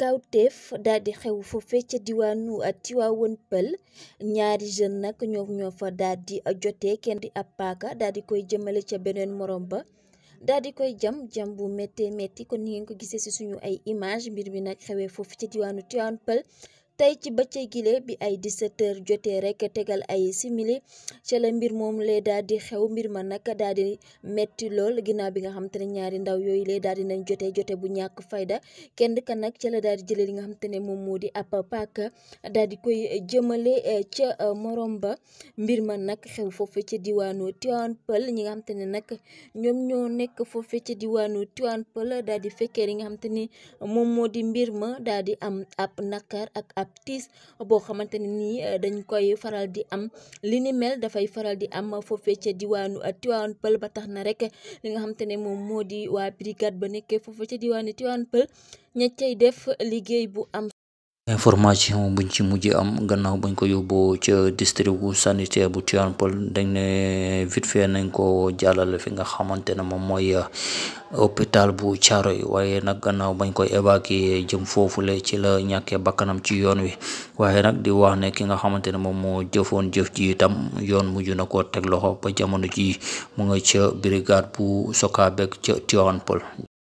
kawteef daal di xew foofee ca diwaanu ah, Tiwaawan Pël ñaari jeune nag ñoo ñoo fa daldi di jotee kenn di ab paaka daal di koy jëmale ca beneen morom ba daal di koy jam jam bu méttee métti kon ni ngeen ko gisee si suñu ay image mbir mi nag xewee foofu ca diwaanu Tiwaawan Pël tey ci ba bëccëg gile bi ay 17h jotee rek tegal ay simili ca la mbir moom lee daal di xew mbir ma nag daal di metti lool ginnaaw bi nga xam te ne ñaari ndaw yooyu lee daal di nañ jotee jote bu ñàkk fayda kenn ka nag ca la daal di jëlee li nga xam te ne moom moo di ab paaka daal di koy jëmale eh, ca eh, morom ba mbir ma nag xew foofu ca diwaanu Tivaouane ñi nga xam ne nag ñoom ñoo nekk diwaanu Tivaouane Peulh daal nga xam ni moom moo di mbir ma daal di am ab nakar ak ab tiis boo xamante ne nii eh, dañ koy faral di am li ni mel dafay faral di am foofee ca diwaanu eh, Tivaouane Peulh ba tax na rek li nga xamante ne moom moo di waa brigade ba nekkee foofee ca diwaanu Tivaouane Peulh ña cay def liggéey bu am information buñ ci mujj am gannaaw bañ ko yóbboo ca district sanitaire bu Tivaouane Peulh dañ ne vite fait nañ ko jàllale fi nga xamante ne moom mooy euh, hôpital bu caaro Thiaroye waaye nag gannaaw bañ koy évacuer jëm foofu la ci la ñàkkee bakkanam ci yoon wi waaye nag di wax ne ki nga xamante ne moom moo jëfoon jëf ji itam yoon mujj na ko teg loxo ba jamono ji mu nga ca brigade bu Socabeg ca Tivaouane Peulh